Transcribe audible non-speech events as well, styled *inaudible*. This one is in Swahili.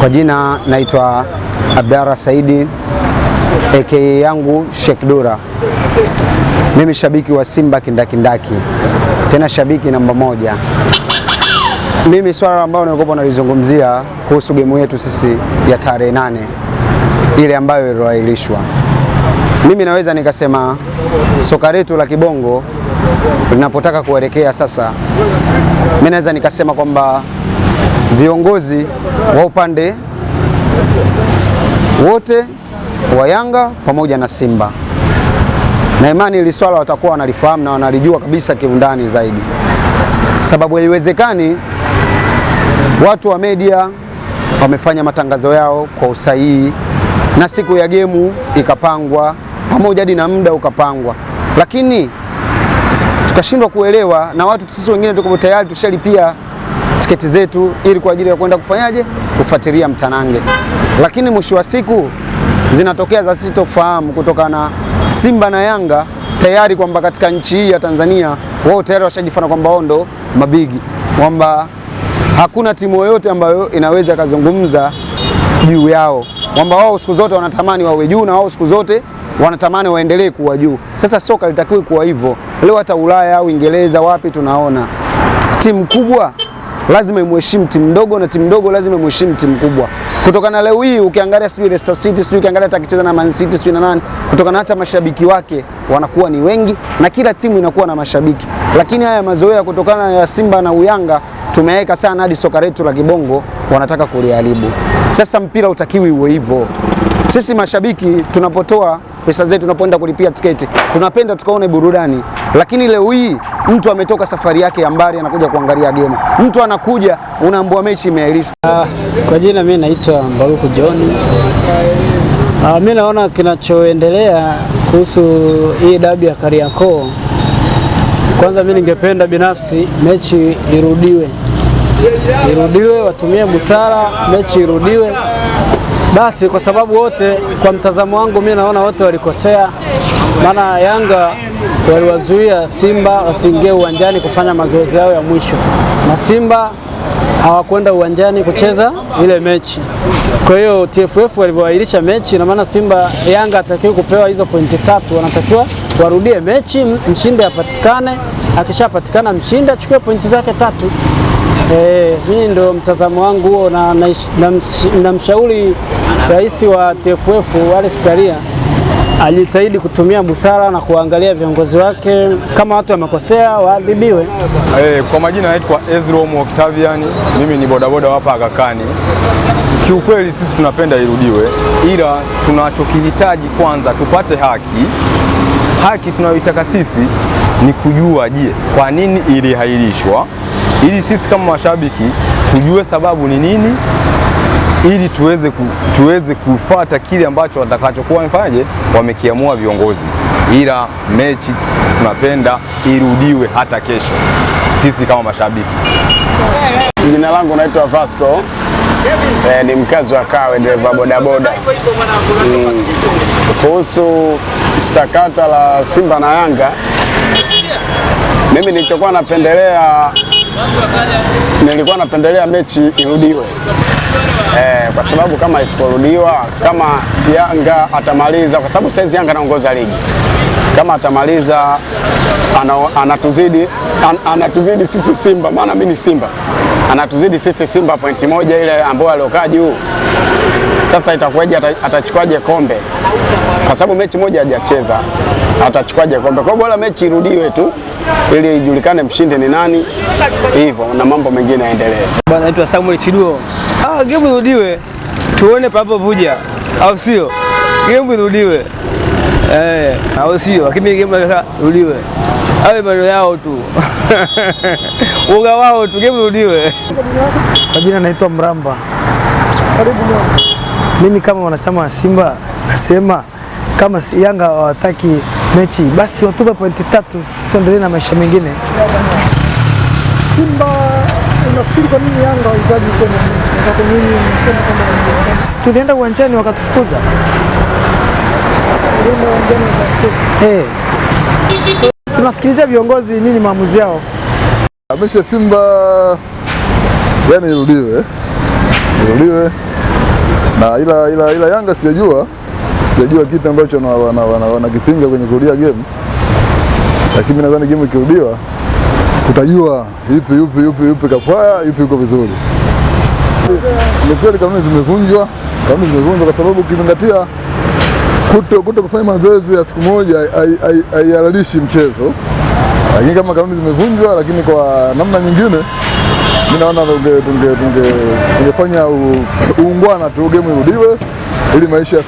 Kwa jina naitwa Abdara Saidi aka yangu Sheikh Dura. Mimi shabiki wa Simba kindakindaki, tena shabiki namba moja. Mimi swala ambayo nilikuwa nalizungumzia kuhusu gemu yetu sisi ya tarehe nane ile ambayo iliahirishwa, mimi naweza nikasema soka letu la kibongo linapotaka kuelekea sasa, mimi naweza nikasema kwamba viongozi wa upande wote wa Yanga pamoja na Simba, na imani ili swala watakuwa wanalifahamu na wanalijua kabisa kiundani zaidi, sababu haiwezekani watu wa media wamefanya matangazo yao kwa usahihi na siku ya gemu ikapangwa pamoja hadi na muda ukapangwa, lakini tukashindwa kuelewa na watu sisi wengine tuko tayari tushalipia tiketi zetu ili kwa ajili ya kwenda kufanyaje, kufuatilia mtanange. Lakini mwisho wa siku zinatokea za sitofahamu kutokana na Simba na Yanga tayari kwamba katika nchi hii ya Tanzania wao tayari washajifana kwamba wao ndo mabigi, kwamba hakuna timu yoyote ambayo inaweza ikazungumza juu yao, kwamba wao siku zote wanatamani wawe juu na wao siku zote wanatamani waendelee kuwa juu. Sasa soka litakiwe kuwa hivyo. Leo hata Ulaya au Uingereza wapi tunaona timu kubwa lazima imheshimu timu ndogo na timu ndogo lazima imheshimu timu kubwa. Kutokana leo hii ukiangalia sijui Leicester City sijui ukiangalia hata akicheza na Man City sijui na nani, kutokana hata mashabiki wake wanakuwa ni wengi na kila timu inakuwa na mashabiki, lakini haya mazoea kutokana ya Simba na Uyanga tumeweka sana hadi soka letu la kibongo wanataka kuliharibu. Sasa mpira utakiwi uwe hivyo. Sisi mashabiki tunapotoa pesa zetu, tunapoenda kulipia tiketi, tunapenda tukaone burudani, lakini leo hii Mtu ametoka safari yake ya mbali anakuja kuangalia gemu, mtu anakuja unaambua mechi imeahirishwa. Ah, kwa jina mimi naitwa Mbaruku John. Uh, mimi naona kinachoendelea kuhusu hii dabi ya Kariakoo, kwanza mimi ningependa binafsi mechi irudiwe, irudiwe, watumie busara, mechi irudiwe basi, kwa sababu wote, kwa mtazamo wangu mimi naona wote walikosea, maana Yanga waliwazuia Simba wasiingie uwanjani kufanya mazoezi yao ya mwisho, na Simba hawakwenda uwanjani kucheza ile mechi. Kwa hiyo TFF walivyoahirisha mechi, ina maana Simba Yanga atakiwa kupewa hizo pointi tatu, wanatakiwa warudie mechi, mshindi apatikane, akishapatikana mshindi achukue pointi zake tatu. E, hii ndio mtazamo wangu huo, na namshauri na, na, na, na, na, na, rais wa TFF Wallace Karia ajitahidi kutumia busara na kuangalia viongozi wake, kama watu wamekosea waadhibiwe. Hey, eh, kwa majina naitwa Ezra Omo Octavian, mimi ni bodaboda hapa akakani Kiukweli sisi tunapenda irudiwe, ila tunachokihitaji kwanza tupate haki. Haki tunayoitaka sisi ni kujua, je, kwa nini ilihairishwa, ili sisi kama mashabiki tujue sababu ni nini ili tuweze, ku, tuweze kufuata kile ambacho watakachokuwa wamefanyaje wamekiamua viongozi, ila mechi tunapenda irudiwe hata kesho sisi kama mashabiki. Jina langu naitwa Vasco. e, ni mkazi wa Kawe, dereva bodaboda. Mm, kuhusu sakata la Simba na Yanga, mimi nilichokuwa napendelea nilikuwa napendelea mechi irudiwe eh, kwa sababu kama isiporudiwa, kama Yanga atamaliza, kwa sababu saizi Yanga anaongoza ligi, kama atamaliza anatuzidi an, anatuzidi sisi Simba, maana mimi ni Simba, anatuzidi sisi Simba pointi moja ile ambayo aliokaa juu. Sasa itakuwaje? Atachukuaje kombe? kwa sababu mechi moja hajacheza, atachukuaje kombe? Kwa bora mechi irudiwe tu ili ijulikane mshindi ni nani, hivyo na mambo mengine yaendelee. Bwana naitwa Samuel Chiduo. Ah, game irudiwe tuone vuja, au sio? Game irudiwe eh, au sio? Lakini game irudiwe awe bado yao tu *laughs* uga wao tu, game irudiwe. Kwa jina naitwa Mramba. Mimi kama wanasema Simba nasema kama Yanga hawataki mechi basi watupe pointi tatu, tuendelee na maisha mengine. Simba unafikiri kwa nini Yanga hawahitaji tena? Kwa nini unasema kama tulienda uwanjani wakatufukuza? Eh, tunasikiliza viongozi nini maamuzi yao. Amesha Simba yani irudiwe, irudiwe na ila, ila, ila Yanga sijajua sijajua kipi ambacho wanakipinga wana, wana, wana kwenye kurudia game, lakini mimi nadhani game ikirudiwa utajua yupi yupi yupi yupi kakwaya yupi yuko vizuri. Ni kweli kanuni zimevunjwa, kanuni zimevunjwa kwa sababu ukizingatia kuto, kuto kufanya mazoezi ya siku moja haihalalishi mchezo, lakini kama kanuni zimevunjwa, lakini kwa namna nyingine mi naona tungefanya uungwana tu, gemu irudiwe ili maisha ya